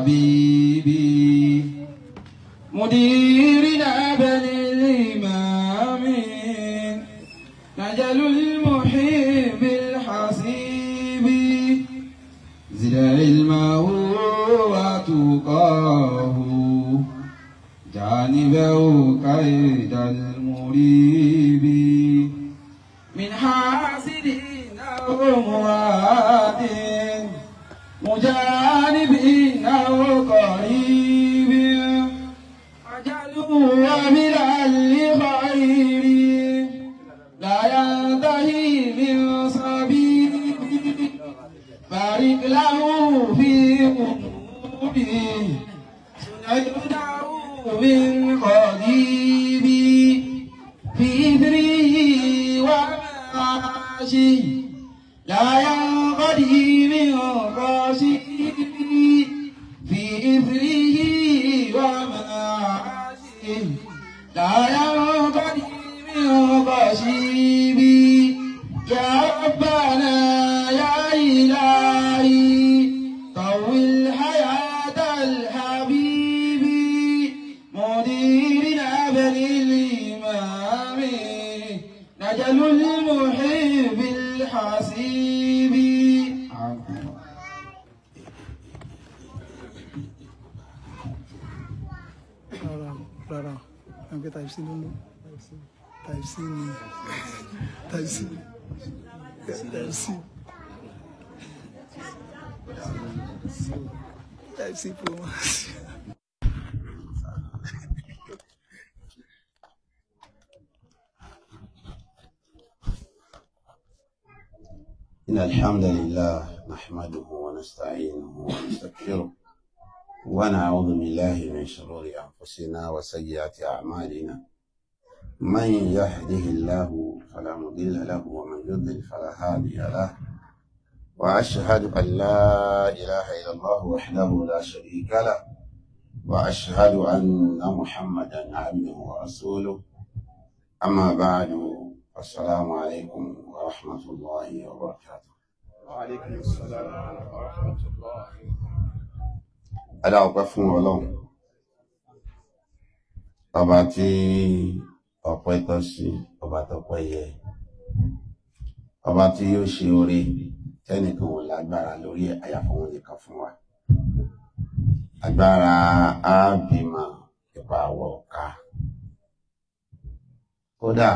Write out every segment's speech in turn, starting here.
حبيبي مديرنا بني الإمام نجل نفسي يا نفسي إن الحمد لله نحمده ونستعينه ونستغفره ونعوذ بالله من شرور أنفسنا وسيئات أعمالنا من يهده الله فلا مضل له ومن يضلل فلا هادي له وأشهد أن لا إله إلا الله وحده لا شريك له وأشهد أن محمدا عبده ورسوله أما بعد السلام عليكم ورحمة الله وبركاته وعليكم السلام ورحمة الله وبركاته ألا أطفهم ولهم طبعتي ọpẹ́ tọ́ sí ọba tọ́pẹ́ yẹ ọba tí yóò ṣe oore tẹ́nìkan ò lágbára lórí àyàfọwọn nìkan fún wa agbára ábìmọ ipa àwọ ọka kódà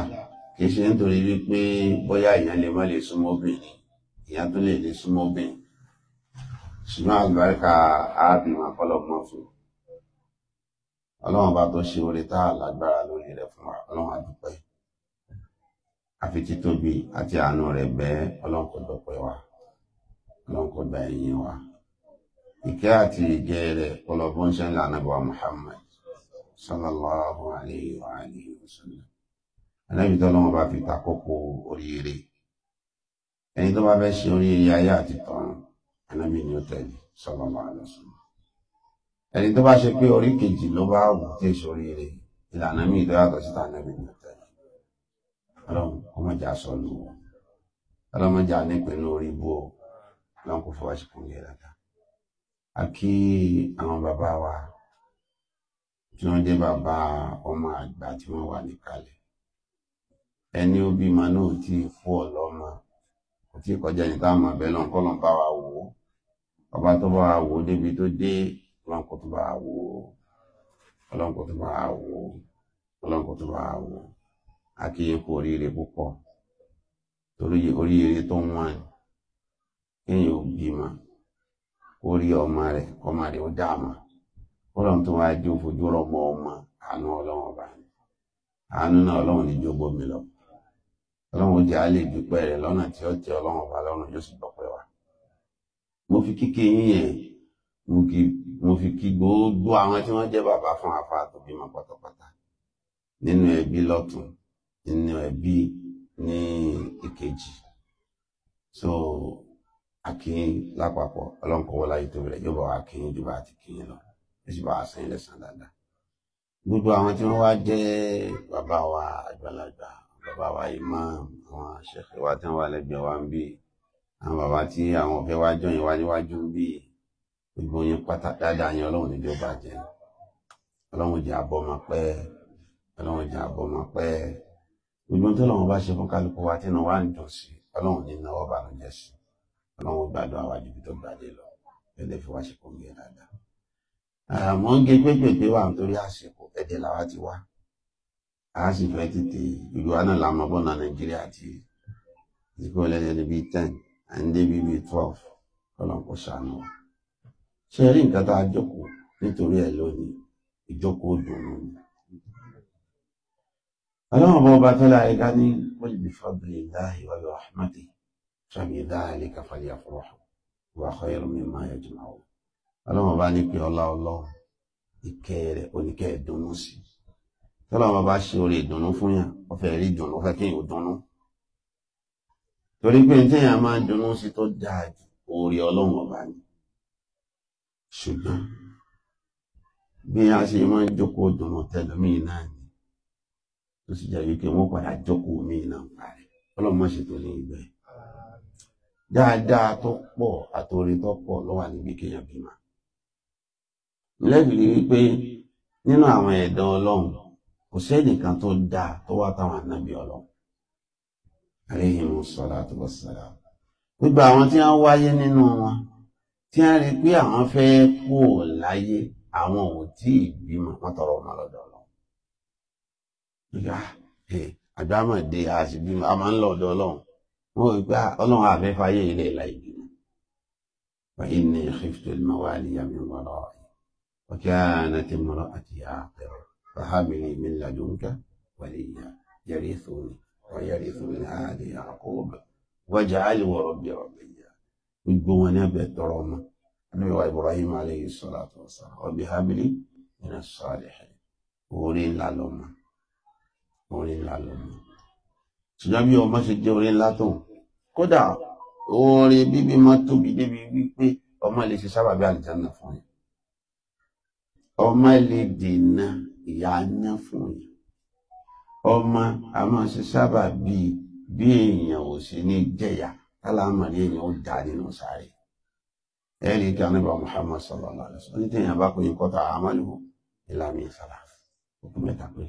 kì í ṣe nítorí wípé bóyá èèyàn lè má lè súnmọ́ obìnrin èèyàn tó lè lè súnmọ́ obìnrin ṣùgbọ́n àlùbáríkà ábìmọ ọpọlọgbọn fún un ọlọ́run bá tó ṣe oore tá a lágbára lórí rẹ̀ fún wa ọlọ́run a dúpẹ́ àfi títóbi àti àánú rẹ̀ bẹ́ẹ̀ ọlọ́run kò dọ̀pẹ́ wa ọlọ́run kò gba ẹ̀yìn wa ìkẹ́ àti ìgẹ́ rẹ̀ ọlọ́bọ ń ṣe ńlá anábọ̀ Muhammad sallallahu alayhi wa alihi wa sallam anábì tó ọlọ́run bá fi ta kókó oríire ẹni tó bá fẹ́ ṣe oríire ayé àti tọ̀run anábì ni ó tẹ̀lé sallallahu alayhi wa sallam ẹni tó bá ṣe pé orí kejì ló bá wù tí èso rere ìlànà mi ìdó yàtọ̀ síta nàbí mi tẹ́lẹ̀ ọlọ́run ọmọjà sọ lù wọ ọlọ́mọjà nípinnu orí bú ọ lọ́n kò fọwọ́ sí kúnlẹ̀ dáadáa a kí àwọn bàbá wa tí wọ́n jẹ́ bàbá ọmọ àgbà tí wọ́n wà níkàlẹ̀ ẹni ó bímọ náà tí fú ọ lọ́mọ kò tí kọjá ní táwọn abẹ náà kọ́ lọ́n bá wa wò ó ọba tó bá wa wò ó débi tó dé ọlọ́run aka tó bá wò ó ọlọ́run kò tó bá wò ó ọlọ́run kò tó bá wò ó akíyè kú oríire púpọ̀ torí oríire tó ń wá kéèyàn ò bímọ ó rí ọmọ rẹ̀ ọmọ ó dáàmà ọlọ́run tó wá jó fojú rọmọ ọmọ ọba mo fi kí gbogbo àwọn tí wọ́n jẹ́ bàbá fún àfa àtòbímọ pátápátá nínú ẹbí lọ́tún nínú ẹbí ní ìkejì so àkíyín lápapọ̀ ọlọ́nkọ̀wọ́ láyé tó bẹ̀rẹ̀ yóò bá wa kíyín jù bá àti kíyín lọ ó sì bá wa sẹ́yìn lẹ́sàn dáadáa gbogbo àwọn tí wọ́n wá jẹ́ bàbá wa àgbàlagbà bàbá wa imam àwọn ṣẹ̀fẹ̀ wa tí wọ́n wà lẹ́gbẹ̀ẹ́ wa ń bí àwọn bàbá tí àwọn ọ̀fẹ́ wa jọyìn wá níwájú ń bí gbogbo yín pátá dáadáa yín ọlọ́run níbi ó bàjẹ́ ọlọ́run jẹ́ àbọ̀ máa pẹ́ ọlọ́run jẹ́ àbọ̀ máa pẹ́ gbogbo tó lọ́wọ́ bá ṣe fún kálukú wa tí inú wa ń dùn sí ọlọ́run ní ìnáwó bànújẹ́ sí ọlọ́run gbàdúrà wa ju ibi tó gbàdé lọ ẹ̀dẹ̀ fi wá ṣe kó ń gbé dáadáa. àmọ́ ń gé gbégbègbè wa nítorí àsìkò ẹ̀dẹ̀ làwa ti wá a sì fẹ́ tètè ìlú wa náà làwọn ọmọ náà nàìjíríà ti ti kó lẹ́yìn ten à bíi twelve kọ́lọ́n kó sànù wa ṣe rí nǹkan tá a jókòó nítorí ẹ lónìí ìjókòó dùnú ni ọlọ́run bá ọba tó láyé ká ní wọ́n bí fadlillahi wa rahmatihi fàmì dhalika falyafrahu wa khayrun mimma yajma'un ọlọ́run bá ní pé ọlá ọlọ́run ìkẹ́ rẹ̀ oníkẹ́ ìdùnnú sí tọ́lọ́run bá ṣe orí ìdùnnú fún yàn ó fẹ́ rí ìdùnnú fẹ́ kí yàn dùnnú torí pé ní téèyàn máa dùnnú sí tó dáa ju orí ọlọ́run ọba ni ṣùgbọ́n bí a ṣe máa ń jókòó dùnmọ̀ tẹlómìn náà ni tó sì jẹ́ wípé wọ́n padà jókòó míì náà parí ọlọ́run má ṣètò ní ìgbẹ́ dáadáa tó pọ̀ àtòrí tó pọ̀ ló wà níbi kéèyàn bímọ wípé nínú àwọn ọlọ́run kò tó dáa tó wá táwọn ànábì ọlọ́run àríyìn mú sọ́lá tó bọ́ sọ́lá gbogbo àwọn tí tí wọ́n rí pé àwọn fẹ́ kú ò láyé àwọn ò tí ì bímọ wọ́n tọrọ ọmọ lọ́dọ̀ ọlọ́run. ìyá àgbàmọ̀dé àṣìbímọ a máa ń lọ ọ̀dọ̀ ọlọ́run wọ́n rí pé ah, ọlọ́run àfẹ́ fàyè ilé láì bímọ. wàyí ni khiftu al-mawaliya min wara'i wa kanat imra'ati aqira fahab li min ladunka waliya yarithuni wa yarithu min ali yaqub waj'alhu rabbi rabbi gbogbo wọn ní abẹ tọrọ ọmọ anábìwá ibrahim aleyhi salatu wasalam ọbẹ habili nínú sọọdẹhẹ orí ńlá lọmọ orí ńlá lọmọ ṣùgbọ́n bí ọmọ ṣe jẹ́ orí ńlá tó kódà orí bíbí máa tóbi débi wípé ọmọ lè ṣe sábàbí àlìjáná fún yín ọmọ lè dènà ìyá ná fún yín ọmọ a máa ṣe sábàbí bí èèyàn ò sí ní jẹyà alámàrí èèyàn ó dà nínú sáré ẹ̀rí kí anábà Muhammad sallallahu alaihi wasallam ní tẹ̀yìn bá kóyin kọ́ta àmàlù ìlàmì ìsàlá òkú mẹ́ta pé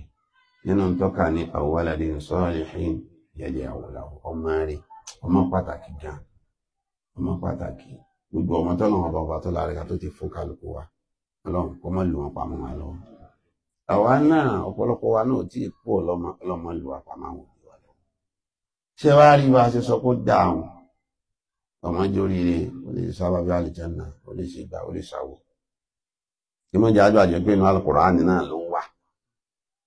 nínú tọ́ka ní àwòwálàdé salihin yẹ̀dẹ̀ àwòlàwò ọmọ rẹ̀ ọmọ pàtàkì gan ọmọ pàtàkì gbogbo ọmọ tọ́lọ̀ wọn bàbá tó lára tó ti fún kálukú wa ọlọ́run kọ́ mọ́ lù wọn pamọ́ wa lọ́wọ́ àwa náà ọ̀pọ̀lọpọ̀ wa náà tí kú ọlọ́mọ lù wa pamọ́ àwọn òbí wa ṣé wàá rí bá a ṣe sọ pé ó ọmọ jẹ́ oríire ó lè sábà bí àlìjánná ó lè ṣe ìgbà ó lè ṣàwò ìmọ̀jẹ́ àjọ àjọ pé inú alukùránì náà ló wà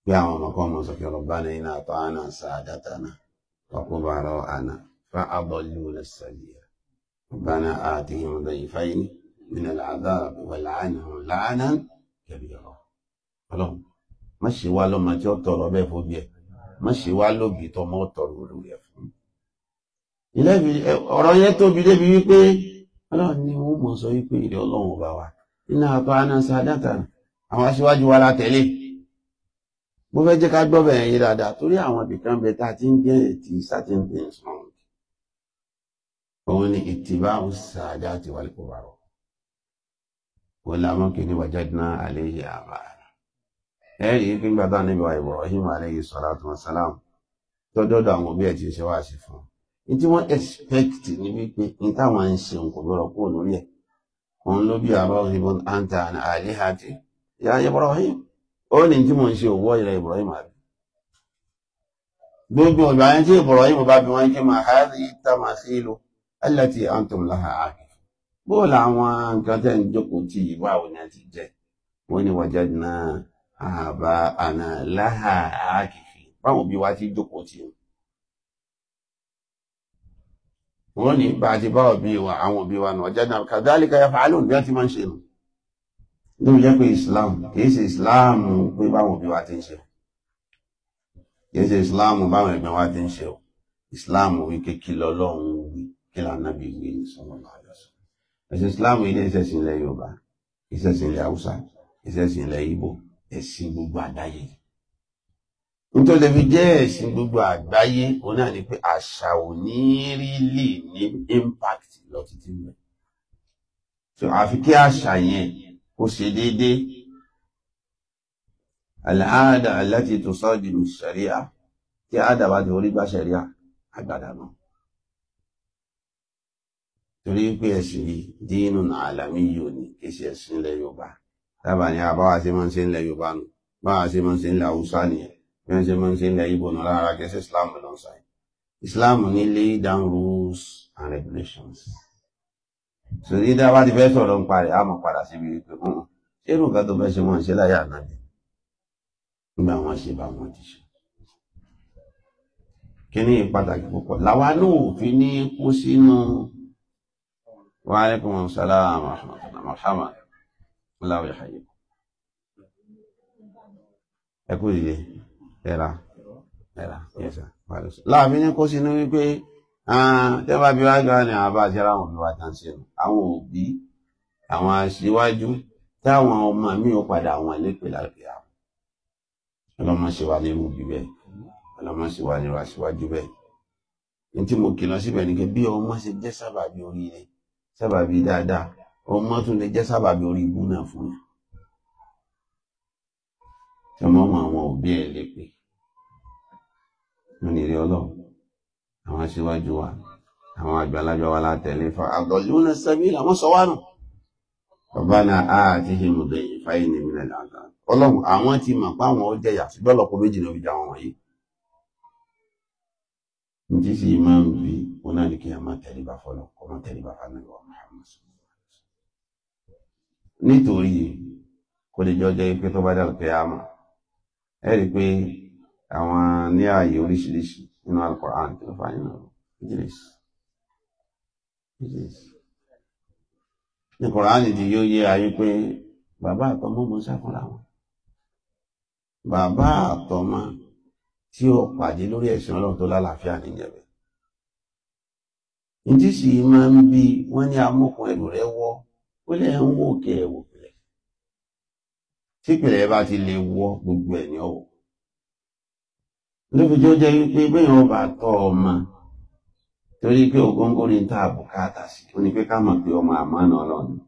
pé àwọn ọmọ kan mọ̀ sọ̀kẹ́ ọ̀rọ̀ bá ní iná àtọ́ àná sàádátánà ọkùnbàrọ̀ àná fa abọ́lú lẹ́sàdìyà ربنا آتهم ضيفين من العذاب والعنهم لعنا كبيرا ọlọ́run má ṣe wá lọ́mọ tí ó tọrọ bẹ́ẹ̀ fóbi ẹ̀ ṣe wá lóbi tọmọ ó tọrọ olórí ẹ̀ ìlẹ́bi ọ̀rọ̀ yẹn tóbi débi wípé ọlọ́run ni wọ́n mọ̀ sọ wípé ìrẹ̀ ọlọ́run ọba wa iná àtọ́ anáṣà dáta àwọn aṣíwájú wa la tẹ̀lé mo fẹ́ jẹ́ ká gbọ́ bẹ̀rẹ̀ yìí dáadáa torí àwọn ibìkan bẹ tá a ti ń gé ètí certain things wrong òun ni ìtìbá ṣáájá ti wà lẹ́kọ̀ọ́ bàrọ̀ wọ́n la mọ́ kí ni wàjádìná àléyé àbá ẹ̀ yìí kí n gbàdá níbi wa Ibrahim àléyé salatu wa salam tọ́jọ́dọ̀ àwọn òbí ẹ̀ ti ṣe wá sí fún un ní tí wọ́n expect ni wípé ní táwọn ń ṣe nǹkan lọ́rọ̀ kúrò lórí ẹ̀ òun ló bí àrọ́ ìbọn anta and alihati ya Ibrahim ó ní tí mò ń ṣe òwò ìrẹ Ibrahim àbí gbogbo ìgbà yẹn tí Ibrahim bá bí wọn kí máa ha rí tamasilu allati antum laha akif bó làwọn nǹkan tẹ́ ń jókòó tí ìwà òun ni àti jẹ wọn ni wajadna àbá àná laha akif báwọn bí wá ti jókòó tì í wọ́n ní bá a ti bá òbí wa àwọn òbí wa nù ọjà náà kàdálíkà ya fàálùn bí wọ́n ti máa ń ṣe nù ló jẹ́ pé islam kìí ṣe islam pé báwọn òbí wa ti ń ṣe o kìí ṣe islam báwọn ẹ̀gbẹ́ wa ti ń ṣe o islam wí kékeré lọ́lọ́run wí kí lànà bí wí ní sọ́mọ́ lọ́wọ́ ẹ̀sìn islam yìí ní ìṣẹ̀sìn ilẹ̀ yorùbá ìṣẹ̀sìn ilẹ̀ haúsá ìṣẹ̀sìn ilẹ̀ ìgbò ẹ̀sìn gbogbo àdáyé yìí nítorí lè fi jẹ́ ẹ̀sìn gbogbo àgbáyé òun náà ni pé àṣà ò ní rí lì ní impact lọ títí mẹ́ so àfi kí àṣà yẹn kó ṣe déédéé àlàáda aláti tó sọ́ọ̀dì ṣẹ̀ríà tí àdà bá ti orí gbá ṣẹ̀ríà àgbàdà náà torí pé ẹ̀sìn yìí dínú àlàmí yìí ò ní kí ṣe ẹ̀sìn ilẹ̀ Yorùbá dábàá ni àbáwá ṣe máa ń ṣe ilẹ̀ Yorùbá nù báwa ṣe máa ń ṣe ilẹ̀ Haúsá nìyẹn bí wọ́n ṣe máa ń ṣe ilẹ̀ Islam ló Islam ní lay down rules and regulations so ní dá bá ti fẹ́ sọ̀rọ̀ ń parẹ́ á mọ̀ padà síbi wípé hàn ṣé irú nǹkan tó fẹ́ ṣe wọ́n ṣe láyé ànábì nígbà wọn ṣe bá wọn ti ṣe kíní pàtàkì púpọ̀ làwa náà fi ní kú sínú wa alaikum salaam Muhammad aláwọ̀ ìhàyè ẹ kú ìdílé ẹ̀rà ẹ̀rà yẹ̀sà pàdùsù láàbí ní kó sínú wípé tẹ́ bá bí wájú wa ni àwọn bá ṣe ráwọn òbí wa tàn sí ẹ̀rù àwọn òbí àwọn aṣíwájú táwọn ọmọ mi ò padà àwọn ẹlẹ́pè láti àwọn ọlọ́mọ ṣe wà nínú òbí bẹ́ẹ̀ ọlọ́mọ ṣe wà nínú aṣíwájú bẹ́ẹ̀ ní tí mo kìlọ̀ síbẹ̀ ni pé bí ọmọ ṣe jẹ́ sábàbí oríire sábàbí dáadáa ọmọ tún lè jẹ́ sábàbí orí ibú náà fún yàn tí ọmọ ọmọ àwọn òbí ẹ̀ lè pè wọn ní rí ọlọ́run àwọn aṣíwájú wa àwọn àgbàlagbà wa látẹ̀lé fa àgọ́lúnà sẹ́mílà wọ́n sọ wá nù ọ̀bánà àtìhìn mùdẹ̀yìn fáyín ní mílẹ̀ láàgbà ọlọ́run àwọn ti mọ̀ páwọn ó jẹyà ṣùgbọ́n ọlọ́pọ̀ méjì ló fi jà wọn wọ̀nyí nti sì máa ń bi wọn náà ní kí a máa tẹríba fọlọ kọ máa tẹríba fanabi wa Muhammad nítorí kò lè jọ jẹ pé tó bá dàrú pé a ẹ rí i pé àwọn ní ààyè oríṣiríṣi nínú alukoran kí ló fà nínú ìjìnlẹsì ìjìnlẹsì ní koran ti yóò yé ayé pé bàbá àtọmọ mọ sáfúnra wọn bàbá àtọmọ tí ó pàdé lórí ẹ̀sìn Ọlọ́run tó lálàáfíà níjẹbẹ ìdí sì máa ń bi wọn ní amọkùn ẹrù rẹ wọ ó lẹ ń wò kẹ ẹ wò pé tí ebe bá ti lè wọ gbogbo ẹ̀ ní ọ̀wọ̀ lóbìjọ́ jẹ́ wípé bẹ́yìn wọn bá tọ́ ọmọ torí pé ògóńgó ni tá àbùkátà sí ó ní pé ká mọ̀ pé ọmọ àmánà ọlọ́run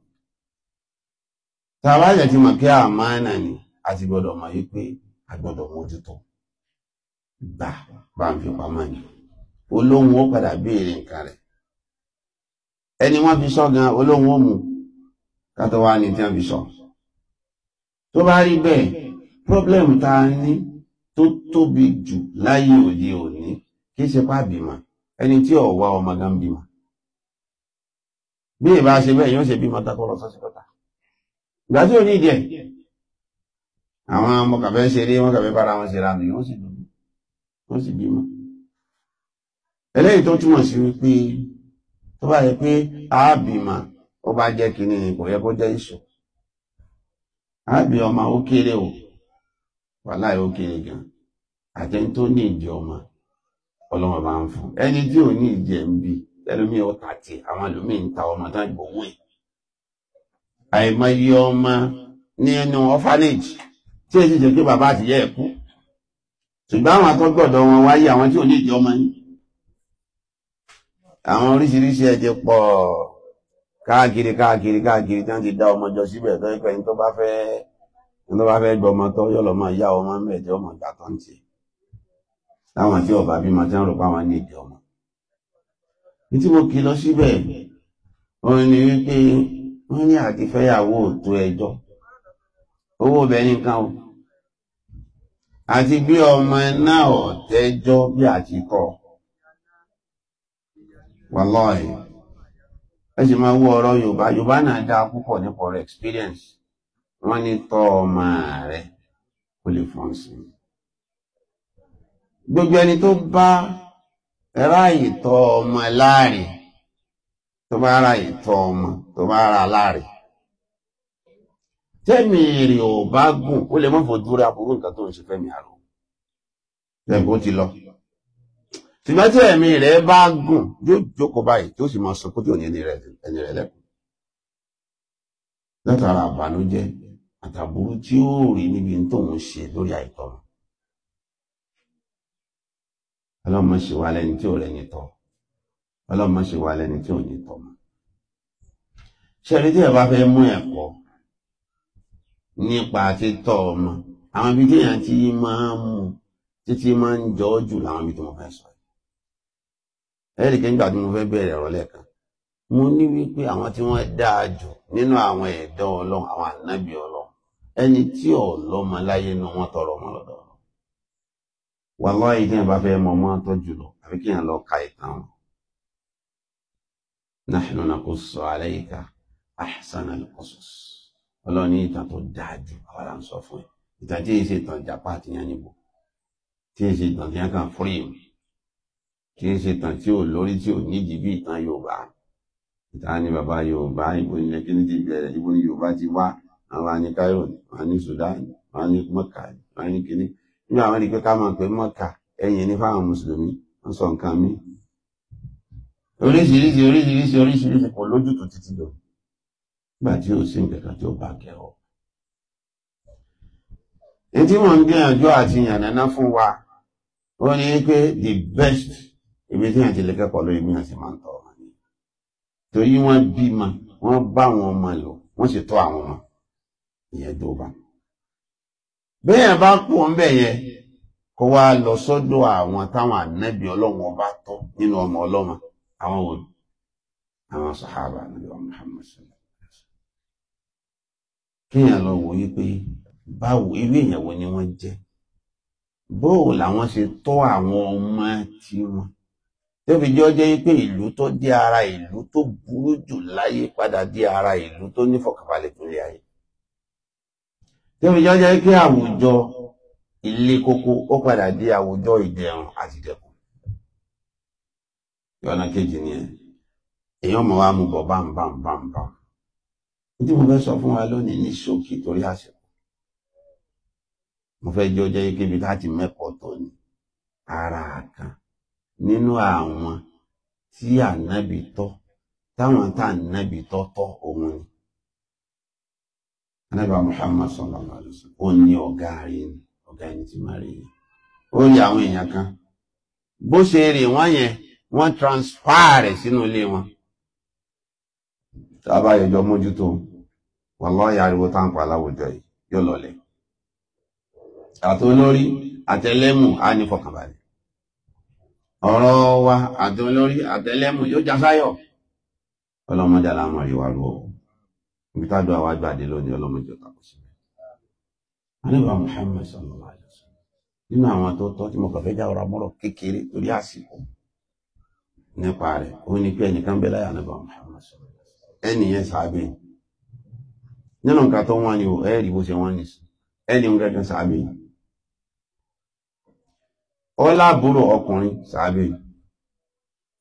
tàbá jẹ́ ti mọ̀ pé àmánà ni a ti gbọ́dọ̀ mọ̀ wípé a gbọ́dọ̀ mójútó gbà bá ń fi pamọ́ ni olóhùn ó padà béèrè nǹkan rẹ̀ ẹni wọ́n fi sọ gan olóhùn ó mú ká wá sọ. tó bá rí bẹ́ẹ̀ pọ́blẹ́mù tá a ní tó tóbi jù láyé òde òní kì í ṣe pá bímọ ẹni tí ọ̀wá ọmọ gan bímọ bí ìbá ṣe bẹ́ẹ̀ yóò ṣe bímọ tako lọ sọ́síkọ́ta ìgbà tí ò ní ìdíẹ̀ àwọn ọmọ kàfẹ́ ṣeré wọn kàfẹ́ bára wọn ṣeré àmì wọn sì dùn wọn sì bímọ eléyìí tó túmọ̀ sí wípé tó bá yẹ pé àábìmọ̀ ó bá jẹ́ kínní kò yẹ kó jẹ́ ìṣòro àbí ọmọ ó kéré o wàláì ó kéré gan àti ẹni tó ní ìdí ọmọ ọlọ́mọ bá ń fún ẹni tí ò ní ìdí ẹ̀ ń bi ẹlòmíì ó tà tí àwọn ẹlòmíì ń ta ọmọ tán gbowó ẹ̀ àìmọye ọmọ nínú orphanage tí èyí jẹ́ pé bàbá àtìyá ẹ̀ kú ṣùgbọ́n àwọn akọ́gbọ̀dọ̀ wọn wáyé àwọn tí ò ní ìdí ọmọ yín àwọn oríṣiríṣi ẹ̀jẹ̀ pọ̀ ọ́. káàkiri káàkiri káàkiri tí wọ́n ti dá ọmọ jọ síbẹ̀ tó pẹ́ ní tó bá fẹ́ tó bá tó ọmọ ń tí ọmọ ìgbà tó ń ti tí ọba bímọ tí wọ́n rò páwọn ní ìdí ọmọ. wípé ní àti tó owó nìkan o àti bí ẹ sì máa wo ọ̀rọ̀ yorùbá yorùbá náà dáa púpọ̀ nípa ọ̀rọ̀ experience wọ́n ní tọ́ ọmọ rẹ kó lè fọ́n sí i gbogbo ẹni tó bá ráàyè tọ́ ọmọ láàrin tó bá ráàyè tọ́ ọmọ tó bá ra láàrin tẹ́mi èrè ò bá gùn ó lè má fojú rí aburú nǹkan tó ń ṣe fẹ́mi àrò tẹ̀gbọ́n ti lọ ṣùgbọ́n tí ẹ̀mí rẹ̀ bá gùn yóò jókòó báyìí tó sì máa sọkó tí ò ní ẹni rẹ̀ lẹ́kùn látara àbànújẹ́ àtàbúrú tí ó rí níbi tóun ṣe lórí àìtọ́rọ ọlọ́mọ ṣe wà lẹ́ni tí ò rẹ̀yìn tọ́ ọlọ́mọ ṣe wà lẹ́ni tí ò ní tọ́ mọ́ ṣẹ́rí tí ẹ bá fẹ́ mú ẹ̀kọ́ nípa títọ́ ọmọ àwọn ibi tí èèyàn ti máa ń mú títí máa ń jọ jù láwọn ibi tí wọ́n fẹ́ sọ ẹ̀rí kẹ́ńgbà tí mo fẹ́ bẹ̀rẹ̀ ọ̀rọ̀ lẹ́ẹ̀kan mo ní wípé àwọn tí wọ́n dáa jù nínú àwọn ẹ̀dọ́ ọlọ́run àwọn ànábì ọlọ́run ẹni tí ọlọ́mọ láyé nu tọrọ ọmọ lọ́dọ̀ wà lọ́yìn kí n bá fẹ́ mọ ọmọ lọ àbí ka ìtàn wọn. ìtàn tó dáa jù àwọn fún ẹ ìtàn tí ṣe ìtàn àti kì í ṣe tàn tí ò lórí tí ò nídìí bí ìtàn Yorùbá ìtàn ni bàbá Yorùbá ibo ni kíní ti bẹ̀rẹ̀ ibo ni Yorùbá ti wá àwọn àní Cairo ni wọn ní Sudan ni wọn ní Mọ́kà ni wọn ní kíní nígbà wọn rí i pé ká máa pè Mọ́kà ẹ̀yìn ní fáwọn mùsùlùmí wọn sọ nǹkan míì oríṣiríṣi oríṣiríṣi oríṣiríṣi kò lójútùú títí lọ nígbà tí ò sí nǹkan tí ó bá kẹrọ. ètí wọn ń gbìyànjú àti yànnàná fún wa ó ní pé the best ibi tí yàn ti lè kẹ́kọ̀ọ́ lórí bí yàn ti máa ń tọ́ ọmọ ni torí wọ́n bímọ wọ́n bá àwọn ọmọ lò wọ́n sì tọ́ àwọn ọmọ ìyẹn tó bá bẹ́ẹ̀ bá kú wọn bẹ́ẹ̀ yẹn kó wá lọ sọ́dọ̀ àwọn táwọn ànábì ọlọ́run ọba tọ́ nínú ọmọ ọlọ́mọ àwọn wò àwọn sàhábà ànábì wa Muhammad sallallahu kéèyàn lọ wò yí pé báwo irú èèyàn wo ni wọ́n jẹ́ bóò làwọn ṣe tọ́ àwọn ọmọ tiwọn tó fi jẹ́ ọjọ́ pé ìlú tó di ara ìlú tó burú jù láyé padà di ara ìlú tó ní tó ayé tó fi jẹ́ ọjọ́ pé àwùjọ ilé koko ó padà di àwùjọ ìdẹ̀rùn àti ọ̀nà kejì nìyẹn èèyàn sọ fún wa lónìí ní torí mo fẹ́ jẹ́ ọjọ́ pé ibi láti mẹ́kọ̀ọ́ tó ní ara kan nínú àwọn tí ànábì tọ́ táwọn tá ànábì tọ́ òun ni Muhammad sallallahu alaihi wasallam ó ní ọ̀gá rẹ̀ ni ọ̀gá ẹni tí máa rí yẹn ó rí àwọn èèyàn kan bó ṣe rí wọn yẹn wọ́n transfer rẹ̀ sínú ilé wọn tá a bá yọjọ mójútó ariwo pa ọ̀rọ̀ wa àti olórí àtẹlẹ́mù yóò já sáyọ̀ ọlọ́mọdé aláwọ̀ rí wa rú o ibi tájọ àwa gbàdé lónìí ọlọ́mọdé ọ̀tàkùn sí mi. anígbà Muhammad sallallahu alaihi wasallam nínú àwọn tó tọ́ tí mo kàn fẹ́ já ọ̀rọ̀ amọ́rọ̀ kékeré torí àsìkò nípa rẹ̀ ó ní pé ẹnìkan bẹ́ láyà nígbà Muhammad sallallahu alaihi wasallam ẹnì yẹn sàábẹ̀ nínú nǹkan tó wọ́n ni o ẹ̀ẹ́dì bó ṣe wọ́n ní ẹnì nǹkan kan sàábẹ̀ yìí wọ́n láàbúrò ọkùnrin sàábì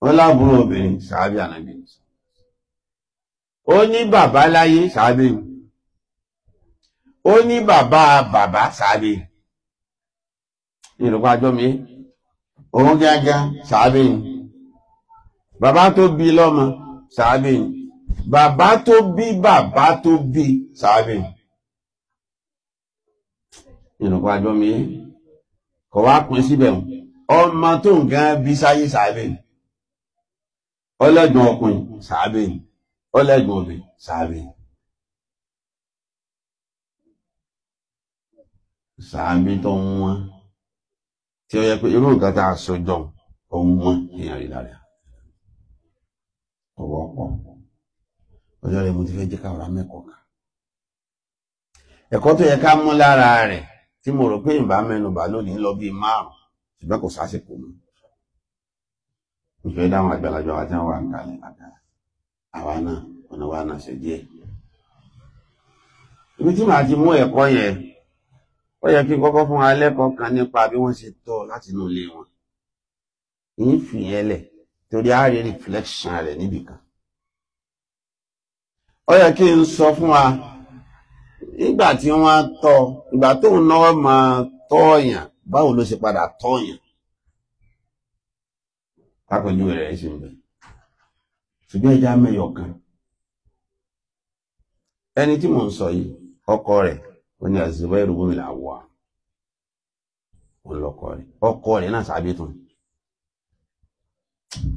wọ́n láàbúrò obìnrin sàábì ànábì ó ní bàbá láyé sàábì ó ní bàbá bàbá sàábì ìrùpá jọ mi òun gángan sàábì bàbá tó bí lọ́mọ sàábì bàbá tó bí bàbá tó bí sàábì ìrùpá jọ kọ̀ wá pin síbẹ̀ wọn ọmọ tó nǹkan bí sáyé sàábẹ̀ ni ọlẹ́gbọ̀n ọkùnrin sàábẹ̀ ni ọlẹ́gbọ̀n obìnrin sàábẹ̀ ni. sàábẹ̀ tó ń wọ́n tí ó yẹ pé irú nǹkan tá a sọ jọ òun wọ́n èèyàn rí lára ọwọ́ pọ̀ ọjọ́ rẹ̀ mo ti fẹ́ jẹ́ ká ọ̀rá mẹ́kọ̀ọ́ ká ẹ̀kọ́ tó yẹ ká mú lára rẹ̀. tí mo rò pé ìbá mẹ́nubà lónìí lọ bíi márùn ṣùgbọ́n kò sásìkò mọ́ ìfẹ́ dáhùn àgbàlagbà wa tí wọ́n wà ń kalẹ̀ àgbà àwa náà ọ̀nà wa náà ṣe díẹ̀ ibi tí màá ti ẹ̀kọ́ yẹn kí kọ́kọ́ fún wa lẹ́kọ̀ọ́ kan nípa bí ṣe tọ́ láti inú ilé wọn lẹ̀ torí a rí rẹ̀ níbìkan ó yẹ kí n sọ fún wa. nígbà tí wọ́n tọ́ ìgbà tóun náà máa tọ́ọ̀yàn báwo ló ṣe padà tọ́ọ̀yàn tápẹ̀lú rẹ̀ ṣe ń bẹ̀ ṣùgbọ́n ẹja mẹ́yọ kan ẹni tí mò ń sọ yìí ọkọ rẹ̀ ó ní àṣìṣe ìrùgbọ́n mi làwọ̀ ọlọ́kọ rẹ̀ ọkọ rẹ̀ náà sàbí tún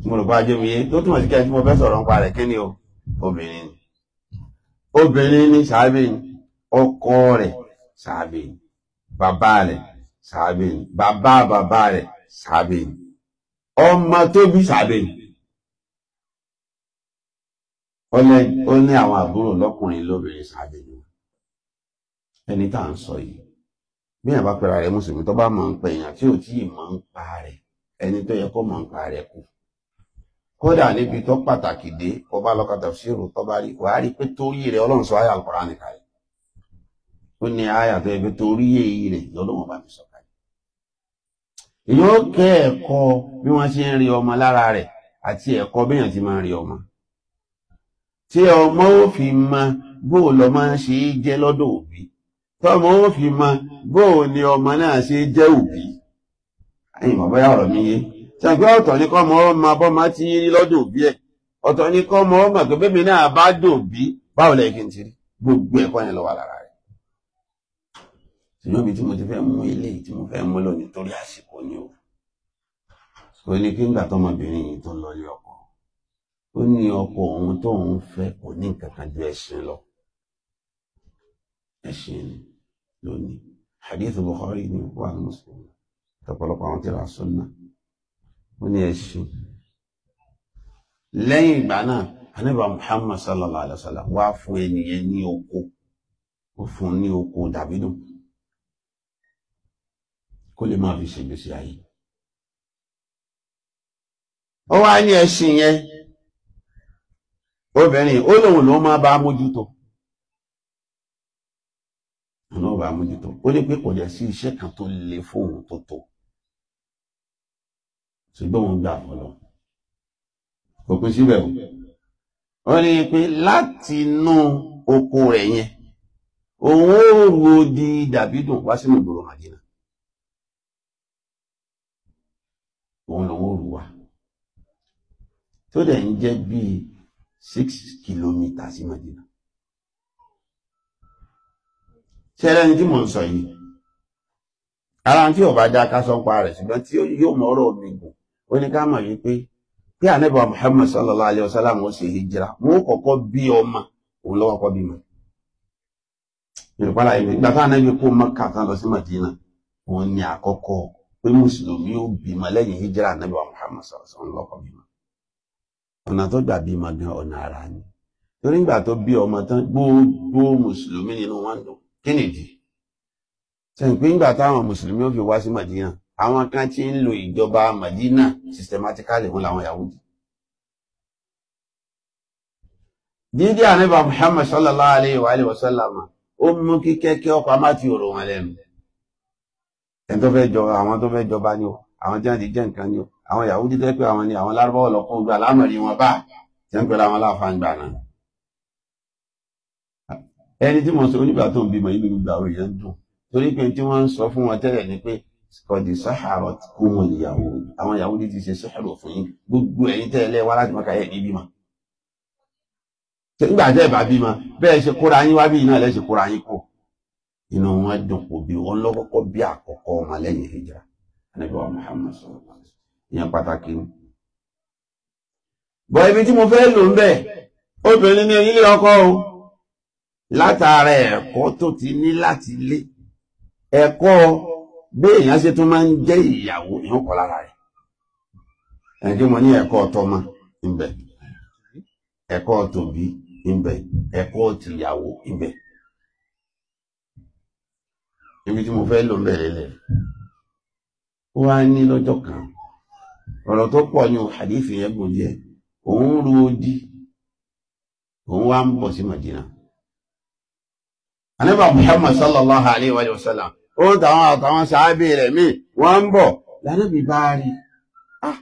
mo rò bá jẹ́ mi yé tó túmọ̀ sí kí mo fẹ́ sọ̀rọ̀ ń rẹ̀ kí ni o obìnrin obìnrin ni sàbí ọkọ rẹ̀ sàábé ni bàbá rẹ̀ sàábé ni bàbá bàbá rẹ̀ sàábé ni ọmọ tó bí sàábé ni ó ní àwọn àbúrò lọ́kùnrin lóbìnrin sàábé ni ẹni tá à ń sọ yìí bí èèyàn bá pera rẹ̀ mùsùlùmí tó bá mọ̀ ń pa èèyàn tí ò tí ì ń pa rẹ̀ ẹni tó yẹ kó mọ̀ ń pa rẹ̀ kù kódà níbi tó pàtàkì dé ọba lọkàtà sí tó bá rí wàá rí pé torí rẹ̀ Ọlọ́run sọ ayé àlùkò ránìkà ó ní àyà tó ẹgbẹ́ torí èyí rẹ̀ lọ́lọ́wọ́n bá mi sọ̀kalẹ̀. èyí ó kẹ́ ẹ̀kọ́ bí wọ́n ṣe ń rí ọmọ lára rẹ̀ àti ẹ̀kọ́ béèyàn ti máa ń rí ọmọ. tí ọmọ ó fi mọ bóò lọ́mọ ṣe é jẹ́ lọ́dọ̀ òbí tọ́mọ ó fi mọ bóò ni ọmọ náà ṣe é jẹ́ òbí. ẹ̀yin bàbá yà ọ̀rọ̀ mi yé ṣàgbé ọ̀tọ̀ ní kọ́mọ ọmọ abọ́mọ ti rí lọ́dọ̀ òbí ẹ̀ ọ̀tọ̀ ní kọ́mọ ọmọ àgbẹ̀bẹ̀mí náà bá dòbí báwo lẹ́yìn kí n ti rí gbogbo ẹ̀kọ́ yẹn lọ́wọ́ lára ṣùgbọ́n ibi tí mo ti fẹ́ mú eléyìí tí mo fẹ́ mú lọ nítorí àsìkò ni o ó ní kí ńgbà tọmọbìnrin yìí tó lọ ilé ọkọ ó ní ọkọ òun tóun fẹ́ kò ní nǹkan kan ju ẹ̀sìn lọ ẹ̀sìn lónìí hadith Bukhari ni wà Muslim tọ̀pọ̀lọpọ̀ àwọn tí ra sunna ó ní ẹ̀sìn lẹ́yìn ìgbà náà anábà Muhammad sallallahu alaihi wa sallam wá fún ẹnìyẹn ní oko ó fún un ní oko dàbídùn kó lè máa fi ṣègbésí ayé ó wá ní ẹṣin yẹn obìnrin ó lóun ló máa bá mójútó àná bá mójútó ó ní pé kò dẹ̀ sí iṣẹ́ kan tó le fóun tó tó ṣùgbọ́n òun gbà fọlọ́ kò pín síbẹ̀ o ó ní pé láti inú oko rẹ̀ yẹn òun ó ro di dàbídùn wá sínú ìgboro Màdínà tó dẹ̀ ń jẹ́ bíi six kilometre sí Madina ṣẹlẹ̀ ní tí mò ń sọ yìí ara tí ọba já ká sọ pa rẹ̀ ṣùgbọ́n tí yóò mọ ọ̀rọ̀ mi gùn ó ní ká alayhi wa ó ṣe hijira wọn ó bí ọmọ òun lọ́wọ́ kọ́ bímọ yorùbá láyé nígbà táwọn anábì kó Mẹ́kà tán lọ sí Madina òun ni àkọ́kọ́ pé mùsùlùmí ó bímọ ọ̀nà tó gbà bímọ gan ọ̀nà ara ni torí ìgbà tó bí ọmọ tán gbogbo mùsùlùmí nínú wọn dùn kí nìdí sẹ̀ǹpé ńgbà táwọn mùsùlùmí ó fi wá sí Màdínà àwọn kan tí ń lo ìjọba Màdínà systematically wọn làwọn Yahudi dídí àníbà Muhammad sallallahu alayhi wa alayhi wa sallam ó mú kí kẹ́kẹ́ ọkọ̀ má ti ọ̀rọ̀ wọn lẹ́nu ẹni tó fẹ́ jọba àwọn tó fẹ́ jọba ni o àwọn tí wọ́n ti jẹ́ nǹkan ni o àwọn Yahudi tẹ́ pé àwọn ni àwọn lárúbáwọ̀ lọ́kọ́ gba lámọ̀rí wọn bá tí wọ́n pẹ̀lú àwọn aláfàǹgbà náà ẹni tí mo sọ onígbà tó ń bímọ inú gbogbo àwọn èèyàn dùn torí pé tí wọ́n ń sọ fún wọn tẹ́lẹ̀ ni pé kọ̀dì sáhàrọ̀ kó wọn ìyàwó àwọn Yahudi ti ṣe sáhàrọ̀ fún yín gbogbo ẹ̀yin tẹ́lẹ̀ wá láti mọ́ka ẹ̀ ní bímọ nígbà tẹ́ ẹ̀ bá bímọ bẹ́ẹ̀ ṣe kóra yín wá bí èèyàn pàtàkì ni ibi tí mo fẹ́ lò ń bẹ̀ obìnrin ní onílé ọkọ o látara ẹ̀kọ́ tó ti ní láti lé ẹ̀kọ́ bí èèyàn ṣe tún máa ń jẹ́ ìyàwó ní ọkọ lára rẹ̀ tí mo ní ẹ̀kọ́ tọmọ ibi tí mo fẹ́ lò ń bẹ̀ lélẹ̀ ní ọ̀rọ̀ tó pọ̀ ní hadithi yẹn gùn díẹ̀ òun ru odi òun wá ń bọ̀ sí Madina anábà Muhammad sallallahu alayhi wa sallam ó ń tàwọn àtàwọn sàábì rẹ̀ míì wọ́n ń bọ̀ lánàbì bá rí ah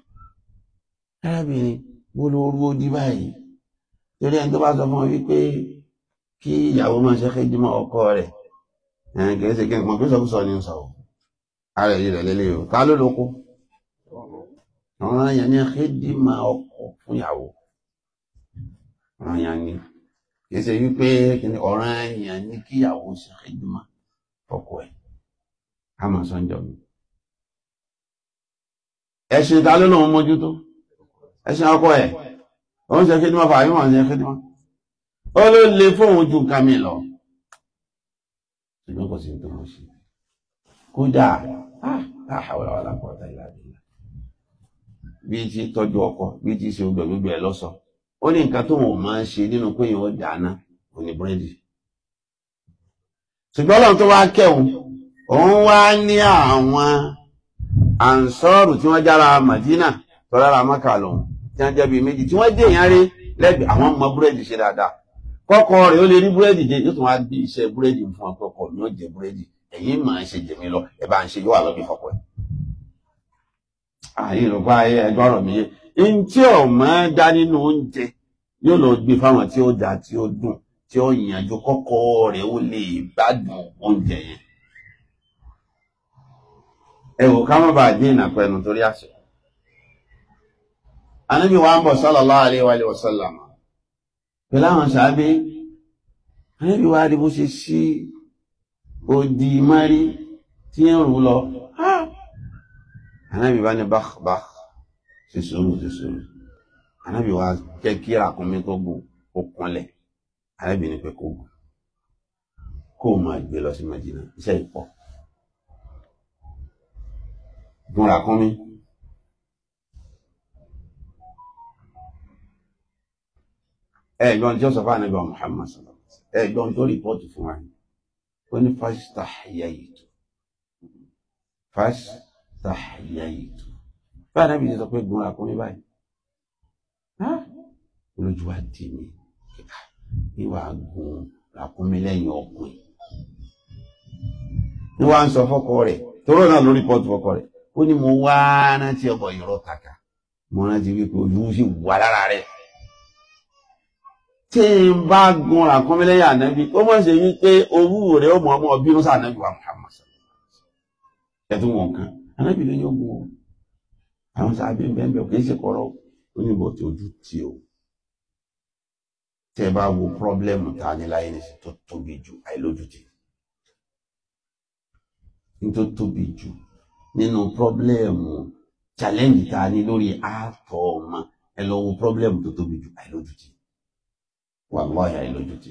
arábìnrin ru odi báyìí torí ẹni tó bá sọ fún wípé kí ìyàwó máa ṣe kéjì ọkọ ṣe kí n pọn ni sọ yìí o ló lóko. ọ̀ràn àyàn ni hídímà ọkọ fún ìyàwó ọ̀ràn àyàn ni kì í ṣe wípé ọ̀ràn àyàn ni kíyàwó ṣe hídímà ọkọ ẹ̀ a máa sọ ń jọ mi ẹ̀sìn ìta ló lóun mójútó ẹ̀sìn ọkọ ẹ̀ òun ṣe hídímà fàáyé wọn ṣe hídímà ó ló le fóun ju nǹkan mi lọ ṣùgbọ́n kò sí ní tó mọ̀ sí kódà àwọn àwọn àlàkọ̀ọ́ta ìlànà bí ti tọ́jú ọkọ bí ti ṣe gbẹ gbogbo ẹ lọsọ ó ní nǹkan tó wọn máa ń ṣe nínú pé yẹn ó dáná kò ní búrẹ́dì ṣùgbọ́n Ọlọ́run tó wá kẹ́hùn òun wá ní àwọn ànsọ́ọ̀rù tí wọ́n jára Màdínà tọ́lá ra mọ́kà lọ́hùn tí wọ́n jẹ́bi méjì tí wọ́n dé èèyàn rí lẹ́gbẹ̀ẹ́ àwọn ọmọ búrẹ́dì ṣe dáadáa kọ́kọ́ rẹ̀ ó lè rí búrẹ́dì jẹ yóò tún wá bí iṣẹ́ búrẹ́dì fún ọkọ̀ ní ó jẹ búrẹ́dì ẹ̀yin máa ń ṣe jẹ̀mí lọ ẹ̀ bá ń ṣe yóò wà lọ́bí fọ́pọ̀ ẹ̀ àyìnlọpọ ayé ẹgbẹ ọ̀rọ̀ mi yé n tí ò mọ dá nínú oúnjẹ yóò lọ gbé fáwọn tí ó dá tí ó dùn tí ó yànjú kọkọ rẹ ó lè gbádùn oúnjẹ yẹn ẹ wò ká má bàa dín ìnàpẹnu torí àṣẹ anabi wa ń bọ̀ sallallahu alaihi wa sallam pẹ̀lú àwọn sàábé anabi wa rí bó ṣe ṣí odi mari tí ń rù lọ á anábì bá ní bákbák ṣe sùúrù ṣe sùúrù anábì wa jẹ́ kí ràkúnmí tó gbò ó kúnlẹ̀ anábì ní pé kó gbò kó o máa gbé lọ sí Madina iṣẹ́ ìpọ̀ gun ràkúnmí. ẹ̀gbọ́n tí ó sọ fún anábì wa Muhammad sallam ẹ̀gbọ́n tó rìpọ́ọ̀tù fún wa ó ní fásitì àyà ètò fásitì tàhíyáyì bá anábì ti sọ pé gun àkúnrin báyìí olójú wa dì mí ìwà gun àkúnrin lẹ́yìn ọkùnrin ni wàá ń sọ fọkọ rẹ̀ tọrọ náà lórí pọtù fọkọ rẹ̀ ó ní mo wá rántí ọkọ ìrọ kàkà mo rántí wípé ojú sì wà lára rẹ̀ tí n bá gun àkúnrin lẹ́yìn ànábì ó mọ̀ ṣe wípé owó rẹ̀ ó mọ̀ ọmọ bínú sí ànábì wa Muhammad ẹ̀ tún wọ̀n kan arábìnrin yóò gun o àwọn sábẹ́ ń bẹ́ẹ̀ bẹ́ẹ̀ kì í ṣe kọ́rọ́ oníbọ̀ tí ojú tì o tẹ́ bá wo pírọ́blẹ́mù tá a ní láyé nìṣẹ́ tó tóbi jù àìlójútì ní tó tóbi jù nínú pírọ́blẹ́mù challenge tá a ní lórí ààtọ̀ ọmọ ẹ lọ wo pírọ́blẹ́mù tó tóbi jù àìlójútì wàláhì àìlójútì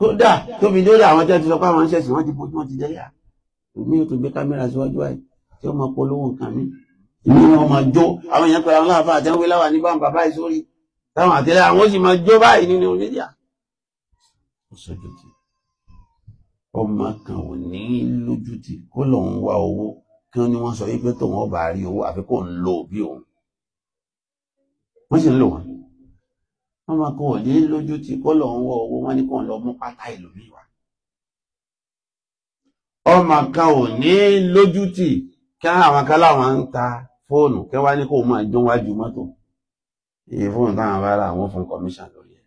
kódà tóbi dórí àwọn tẹ́ ti sọ pé àwọn ń ṣẹ̀sìn wọ́n ti bójú wọ́n ti jẹ́ òbí yóò tún gbé kámẹ́rà síwájú àyè tí ó máa polówó nǹkan mi ìlú wọn máa jó àwọn èèyàn pẹ̀lú àwọn aláàfáà àti àwọn wíláwà ní báwọn bàbá ìsórí táwọn àtẹlẹ àwọn ó sì máa jó báyìí nínú mídíà ọmọ kan ò ní lójú ti kó lòun wá owó kí wọn ní wọn sọ yí pé tòun ọba rí owó àfi kò ń lo òbí òun wọn sì ń lò wọn wọn máa ò ní lójú kó lòun wá owó wọn ní kó ń lọ mú pátá ìlú mi wá ọmọ kan ò ní lójútì kí àwọn kan láwọn ń ta fóònù kí wá ní kó máa jó wájú mọ́tò iye fóònù táwọn bá ra àwọn fún commission lórí ẹ̀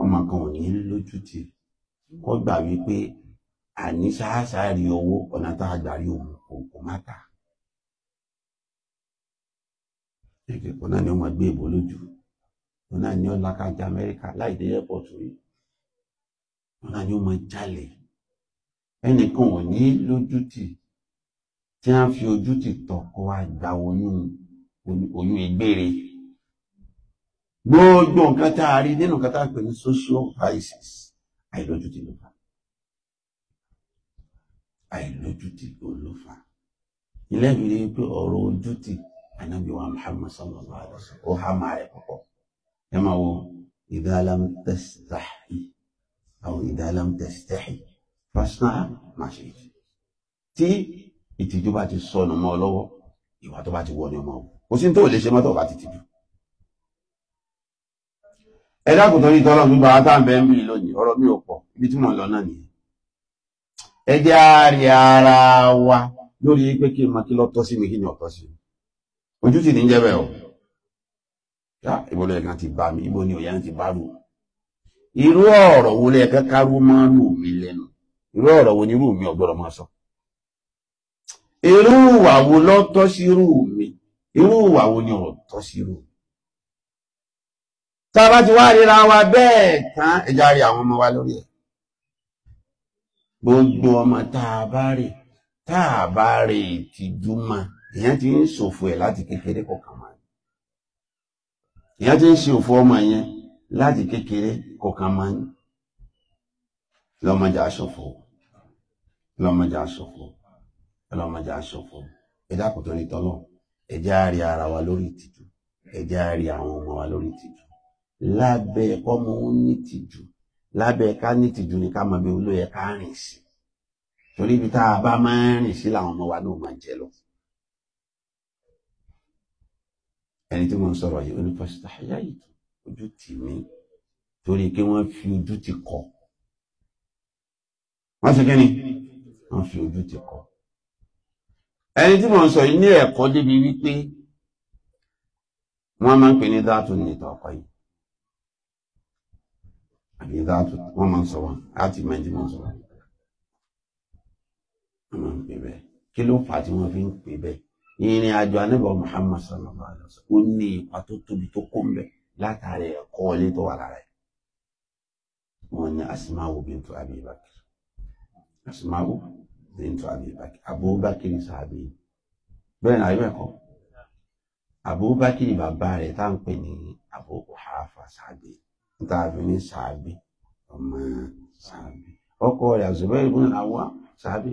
ọmọ kan ò ní lójútì kó gbà wípé àní ṣáṣáàrí owó ọ̀nà tá a gbà rí òun kò má ta ìkẹ̀kọ̀ náà ni ó gbé ìbò lójú òun náà ni ó lákàjá Amẹ́ríkà láì dé airport rí òun náà ni ó jalè ẹnìkan ò ní lójútì tí a fi ojútì tọ̀ kó wa gbà wọnú oyún ìgbére gbogbo nǹkan tá a rí nínú nǹkan tá a pè ní social crisis àìlójútì ló fà àìlójútì ló fà ilé mi rí pé ọ̀rọ̀ ojútì anabi wa muhammad sallallahu alaihi wa sallam ó há máa rẹ púpọ̀ ẹ máa wo idha lam tastahi fasnaha màṣẹyìí tí ìtìjú bá ti sọnù mọ́ lọ́wọ́ ìwà tó bá ti wọ ní ọmọ ọwọ́ kò sí tó lè ṣe mọ́tò bá ti tìjú. ẹ dákun torí tọ́lọ́ mi bá ń lónìí ọ̀rọ̀ mi ò pọ̀ ibi lọ náà ní jẹ́ bẹ́ẹ̀ o ibo kan ti bá mi ibo ni òyà ti bá lù irú ọ̀rọ̀ wo lẹ́ẹ̀kẹ́ kárú máa lù mí lẹ́nu irú ọ̀rọ̀ wo ni irú mi ò gbọ́dọ̀ máa sọ irú ìwà wo ló tọ́ sí irú mi irú ìwà wo ni ò tọ́ sí irú mi tá a bá ti wá ríra wa bẹ́ẹ̀ tán ẹja rí àwọn ọmọ wa lórí ẹ̀ gbogbo ọmọ tá a bá rè tá a bá rè ìtìjú mọ́ èèyàn ti ń ṣòfò ẹ̀ láti kékeré kọ̀ọ̀kan máa èèyàn ti ń ṣe òfò ọmọ yẹn láti kékeré kọ̀ọ̀kan máa ń lọ́mọdé aṣòfò ọlọ́mọdé aṣọ̀fọ̀ ọlọ́mọdé aṣọ̀fọ̀ ẹ dákun torí tọ́lọ̀ ẹ jẹ́ á rí ara wa lórí ìtìjú ẹ jẹ́ á rí àwọn ọmọ wa lórí ìtìjú lábẹ́ ọmọ òun ní ìtìjú lábẹ́ ká ní ìtìjú ni ká máa bẹ olóyè ká rìn sí torí ibi tá a bá máa ń rìn sí làwọn ọmọ wa náà máa jẹ lọ. ẹni tí mo ń sọ̀rọ̀ yìí onífọ̀sítà ayá yìí ojú tì mí torí kí wọ́n fi ojú ti kọ̀ wọ́n ti kí ni wọ́n fi ojú ti kọ́ ẹni tí mo ń sọ yìí ní ẹ̀kọ́ débi wípé wọ́n máa ń pè ní dáàtú ní ìtọ̀ ọ̀kọ́ yìí àbí dáàtú wọ́n máa ń sọ wọn láti mọ ẹni wọ́n sọ wọn máa ń pè bẹ́ẹ̀ kí ló fà á tí wọ́n fi ń pè bẹ́ẹ̀ ìrìn àjò anábọ̀ Muhammad sallallahu alaihi wasallam ó ní ipa tó tóbi tó kó ń bẹ látàrí ẹ̀kọ́ ilé tó wà lára ẹ̀ wọ́n ní Asma'u bintu Abi Bakr into Abubakar Abubakar ní sàbí bẹ́ẹ̀ náà ibẹ̀ kọ́ Abubakar ní bàbá rẹ̀ tá n pè ní Abu Kuhafa sàbí níta àfi ní sàbí ọmọ sàbí ọkọ rẹ̀ Zubair náà Awwam sàbí.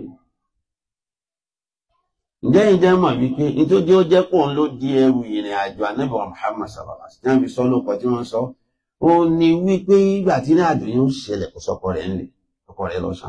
ǹjẹ́ ìjẹ́ mọ̀ wípé nítorí ó jẹ́ di ẹrù ìrìn àjò Muhammad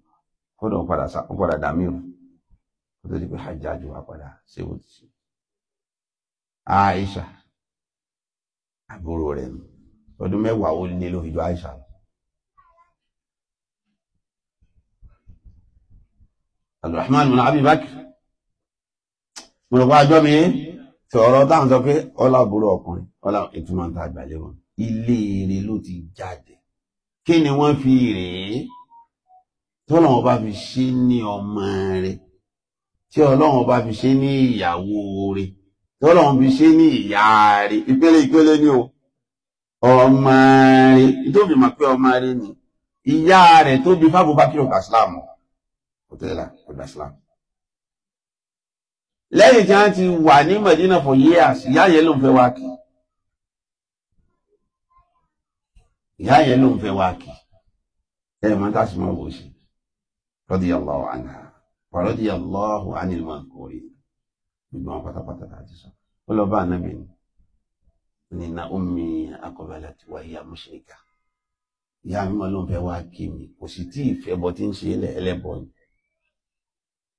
kódà ó padà ó padà o kó tó di pé wa padà ti aisha àbúrò rẹ̀ mi ọdún mẹ́wàá ó lé ló aisha Abdulrahman bin Abi Bakr àjọ mi tí ọ̀rọ̀ táwọn sọ pé ọlá ọkùnrin ọlá ìtumọ̀ ń ta àgbàlẹ̀ wọn ilé jáde kí ni wọ́n tọ́lọ́run ọba fi ṣe ní ọmọ rẹ̀ tí ọlọ́run ọba fi ṣe ní ìyàwó rẹ̀ tọ́lọ́run fi ṣe ní ìyá rẹ̀ ìpele ìpele ni o ọmọ rẹ̀ tó fi mọ̀ pé ọmọ rẹ̀ ni ìyá rẹ̀ tó bí fábùbákírò kàṣílámù kò tẹ́lá kò dàṣílámù lẹ́yìn tí wọ́n ti wà ní Medina for years ìyá yẹn ló ń fẹ́ wá kí ìyá yẹn ló ń fẹ́ wá kí ẹ̀ sì máa wò ó sí radiyallahu anha wa radiyallahu anil mankurin gbogbo wọn pátápátá láti sọ ó lọ bá ànábì ni ní na ummi aqbalat wa hiya mushrika ìyá mi mọ́ ló ń fẹ́ wá kí mi kò sì tí ìfẹ́ bọ́ tí ń ṣe ẹlẹ́bọ̀ ni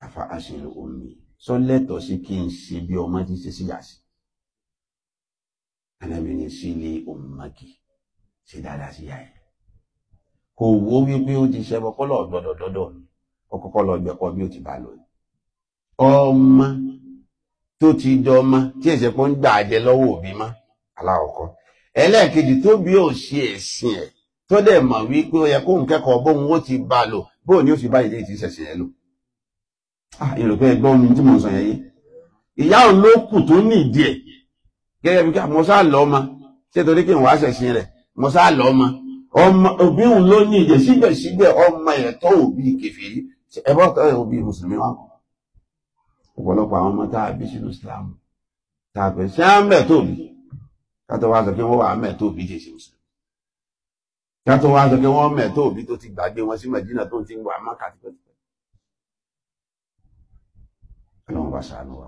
àfa àṣìlò omi sọ lẹ́tọ̀ọ́ sí kí n ṣe bí ọmọ tí ń ṣe sí yàsí ànábì ni sílé ummaki ṣe dáadáa sí yá ẹ kò wó wípé ó ti ṣẹbọ kọ́lọ̀ gbọ́dọ̀ dọ́dọ̀ mi ó kọ́kọ́ lọ gbẹ̀kọ́ bí ó ti bá lóyún ọmọ tó ti jọ ọmọ tí èsè pọ́n ń gbà jẹ lọ́wọ́ òbí mọ́ aláwọ̀kọ́ ẹlẹ́ẹ̀kejì tó bí ò ṣe ẹ̀sìn ẹ̀ tó dẹ̀ mọ̀ wípé ó yẹ kóun kẹ́kọ̀ọ́ bóun ó ti bá lò bóun ni ó fi bá ìdí ìtì ìṣẹ̀sìn ẹ̀ lò ah, ìròpẹ́ ẹgbọ́n mi tí mo sọ yẹn yé ìyá òun ló kù tó ní ìdí ẹ̀ gẹ́gẹ́ bí ká mo sá lọ ọmọ ṣé torí kí n wàá ṣẹ̀sìn rẹ̀ mo sá lọ ọmọ ọmọ òbí òun ló ní ìdí síbẹ̀síbẹ̀ ọmọ ẹ̀ tó òbí kẹfìrí ẹ bọ́ tọ́ ẹ̀hún bíi mùsùlùmí wà kọ́ ọ̀pọ̀lọpọ̀ àwọn ọmọ tá a bí sínú islam tá a pè ṣé à ń bẹ̀ tóbi kátó wá sọ pé wọ́n wà á mẹ̀ tóbi tí èsì mùsùlùmí kátó wá sọ pé wọ́n mẹ̀ tóbi tó ti gbàgbé wọn sí mẹ̀dínà tó ti ń wà máka ti pẹ́ẹ́pẹ́ ọlọ́run bá ṣàánú wa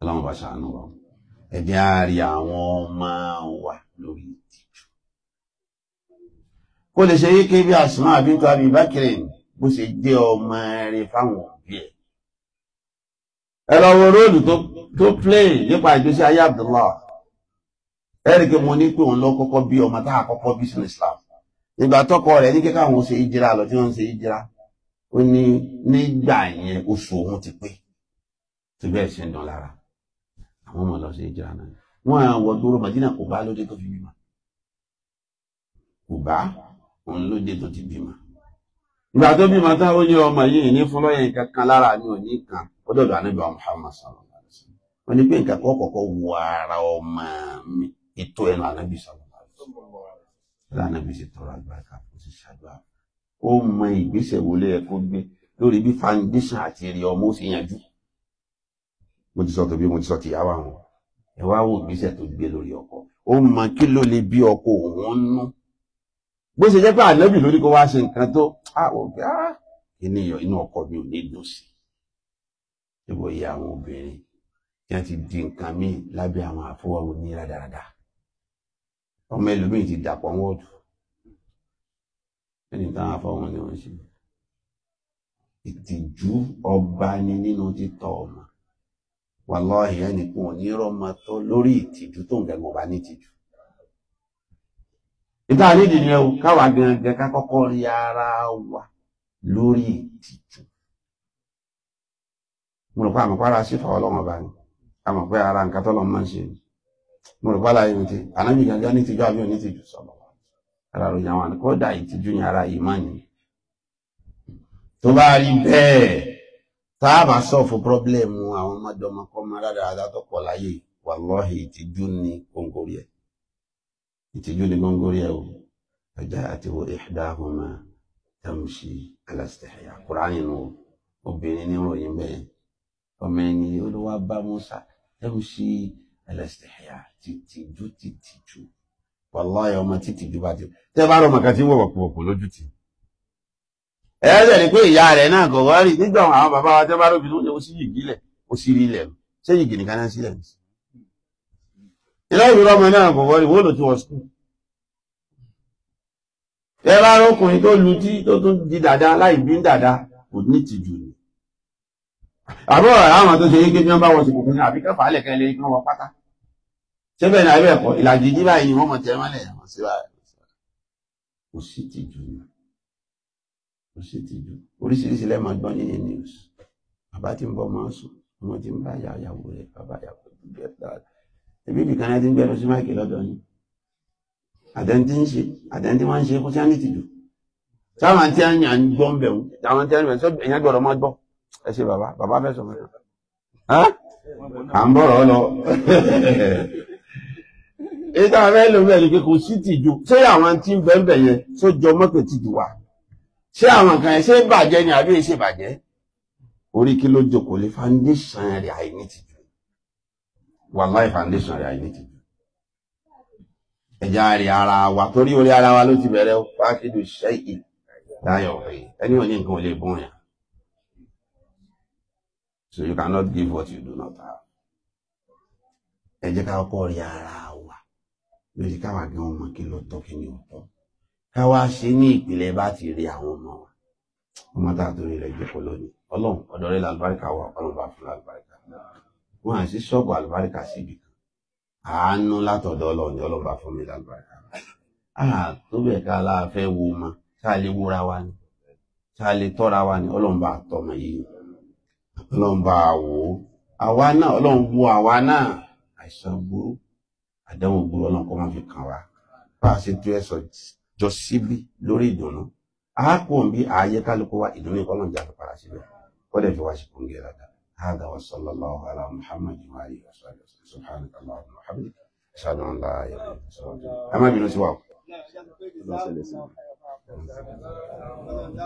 ọlọ́run bá ṣàánú wa ẹ̀dín àárí àwọn ọmọ wa lórí ìtìjú kó lè ṣe yí bó ṣe jẹ́ ọmọ rẹ fáwọn òbí ẹ̀. ẹ lọ wo róòlù tó play nípa ìgbésí ayé Abdullah ẹ̀ríkì mo ní pé òun lọ kọ́kọ́ bí ọmọ tá a kọ́kọ́ bí sínú Islam ìgbà tọkọ rẹ̀ ní kíkà àwọn ṣe ìjìra lọ tí wọ́n ń ṣe ìjìra ó ní nígbà yẹn oṣù òun ti pé tó bẹ́ẹ̀ ṣe ń dán lára àwọn ọmọ lọ ṣe ìjìra náà wọn àwọ̀ dúró Madina kò bá lóde tó fi bímọ kò bá òun lóde tó ti bímọ ìgbà tó bí màtá ó ní ọmọ yìí ní fún lọ́yẹ̀ kankan lára mi ò ní kan ó dọ̀dọ̀ àníbà Muhammad sallallahu alaihi wasallam ó ní pé nǹkan kọ́ kọ́kọ́ wọ ara ọmọ mi ètò ẹnu ànábì sallallahu alaihi wasallam ànábì sì tọrọ àgbàkà ó sì ṣàdúrà ó mọ ìgbésẹ̀ wo ẹ̀kọ́ gbé lórí bí foundation àti èrè ọmọ ó sì yanjú mo ti sọ tó bí mo ti sọ ti yáwá wọn ẹ wá wo ìgbésẹ̀ tó gbé lórí ọkọ ó mọ kí ló lè bí ọkọ òun nú bó ṣe jẹ́ pé ànábì lórí kó wá ṣe nǹkan tó àwọn òbí á inú ìyọ inú ọkọ mi ò ní dùn sí níbo iye àwọn obìnrin tí wọ́n ti di nǹkan míì lábẹ́ àwọn àfọwọ́rò ní rádaràda ọmọ ẹlòmíì ti dàpọ̀ wọ́ọ̀dù ẹni táwọn afọwọ́n ni wọ́n ṣe ìtìjú ọba ni nínú títọ́ ọmọ wàláhì ẹnìkan ò ní rọ́mọ tó lórí ìtìjú tó ń gẹ̀gùn ọba ní ìtìjú ìta nídìí ni ẹ o káwa gangan ká kọ́kọ́ rí ara wa lórí ìtìjú mo rò pé àmọ́ para sí fà ọlọ́run ọba ni àmọ́ pé ara nǹkan tó lọ́n máa ń ṣe ni mo rò pé aláyé ti ànábì gangan ní ìtìjú àbí òní sọ̀rọ̀ ara ròyìn àwọn àníkó dà ìtìjú ni ara yìí máa ń tó bá rí bẹ́ẹ̀ tá a bá sọ̀fù pírọ́blẹ̀mù àwọn ọmọdé ọmọkọ́ máa rárá àdá tó pọ̀ láyé wàlọ́ọ̀hì ìtìjú ni kòǹgórí ìtìjú ni góńgóri ẹ̀ o ọjà àti wo ihdahuma tamshi ala istihya kúránì nù obìnrin ní ròyìn bẹ́ẹ̀ ọmọ ẹni olówó bá Musa tamshi ala istihya tìtìjú tìtìjú wàláyé ọmọ tìtìjú bá ti tẹ́ bá rọ̀ màkà tí ń wọ̀wọ̀ pọ̀pọ̀ lójú ti ẹ̀ẹ́dẹ̀ ni pé ìyá rẹ̀ náà gọ̀wárì nígbà àwọn bàbá wa tẹ́ bá rọ̀ bí ó sì yìgì lẹ̀ ó sì rí lẹ̀ ṣé yìgì nìkan náà sílẹ̀ nìsí ìlẹ́yìn rọmọ náà kò wọ́n ìwọ́n lò tí wọ́n sùn ẹ bá rọkùnrin tó lu tí tó tún di dàda láì bí ń dàda kò ní ti jù ní àbúrò àwọn tó ṣe yíké bí wọ́n bá wọ́n ṣòkòtò ní àbíkẹ́ fàálẹ̀ kẹ́lẹ́ kí wọ́n wọ pátá ṣébẹ̀ ní abẹ́ ẹ̀kọ́ ìlàjì ní báyìí wọ́n mọ̀ tẹ́ mọ́lẹ̀ wọ́n sí báyìí kò sí ti jù ní kò sí ti jù oríṣiríṣi lẹ́mọ̀ gbọ́n nínú news bàbá tí ń bọ́ mọ́ sùn ọmọ tí ń bá yàwó rẹ̀ bàbá yàwó rẹ̀ ẹbí nìkan láti ń gbẹnu sí máìkì lọ́dọ̀ yín àtẹ̀ntí ń ṣe àtẹ̀ntí wọn ń ṣe kó sáà ní tìjú táwọn tí a ń yàn gbọ́ ń bẹ̀ wù táwọn tí a ń bẹ̀ sọ èèyàn gbọ́dọ̀ máa gbọ́ ẹ ṣe bàbá bàbá fẹ́ sọ fún à ń bọ̀rọ̀ lọ èyí táwọn fẹ́ lò bẹ́ẹ̀ ni pé kò sí tìjú ṣé àwọn tí bẹ́ẹ̀ yẹn tó jọ mọ́pẹ̀ tìjú wa ṣé àwọn kan yẹn ṣé bàjẹ́ ni àbí ṣe bàjẹ́ orí kí ló jókòó lé foundation rẹ̀ àìní tìjú wàláì foundation rẹ̀ àìníkì ẹ̀já rẹ̀ ara wa torí orí ara wa ló ti bẹ̀rẹ̀ pákéjì ṣẹ́yì láyọ̀ ọ̀rẹ́ ẹni ò ní nǹkan ò lè bọ́ yàn so you cannot give what you do not have ẹ jẹ́ ká kọ́ rí ara wa lórí káwa gan ọmọ kí ló tọ́ kí ni ò tọ́ káwa ṣe ní ìpìlẹ̀ bá ti rí àwọn ọmọ wa ọmọ tá torí rẹ̀ jẹ́ pọ̀ lónìí ọlọ́run ọ̀dọ̀ rẹ̀ làlùbáríkà wà ọlọ́run bá fún làlùbáríkà wọn à sí ṣọ́ọ̀bù àlùbáríkà síbi kan àánú látọ̀dọ̀ ọlọ́ọ̀ni ọlọ́ba fún mi lálùbáríkà tó bẹ̀ ká la fẹ́ wo ma ṣáà lè wúra wa ni ṣáà lè tọ́ra wa ni ọlọ́ọ̀ba àtọmọ yìí ọlọ́ọ̀ba àwò àwa náà ọlọ́ọ̀n wo àwa náà àìsàn gbúrú àdánwò gbúrú ọlọ́ọ̀n kọ́ máa fi kàn wá bá a ṣe tó ẹ̀sọ̀ jọ síbí lórí ìdùnnú àápò ń bí ààyè kálukú wa ìdùnnú ìkọlọ́ọ̀jà هذا وصلى الله على محمد اله وصحبه وسلم سبحانك اللهم وبحمدك أشهد أن لا إله إلا أنت أما بنسواك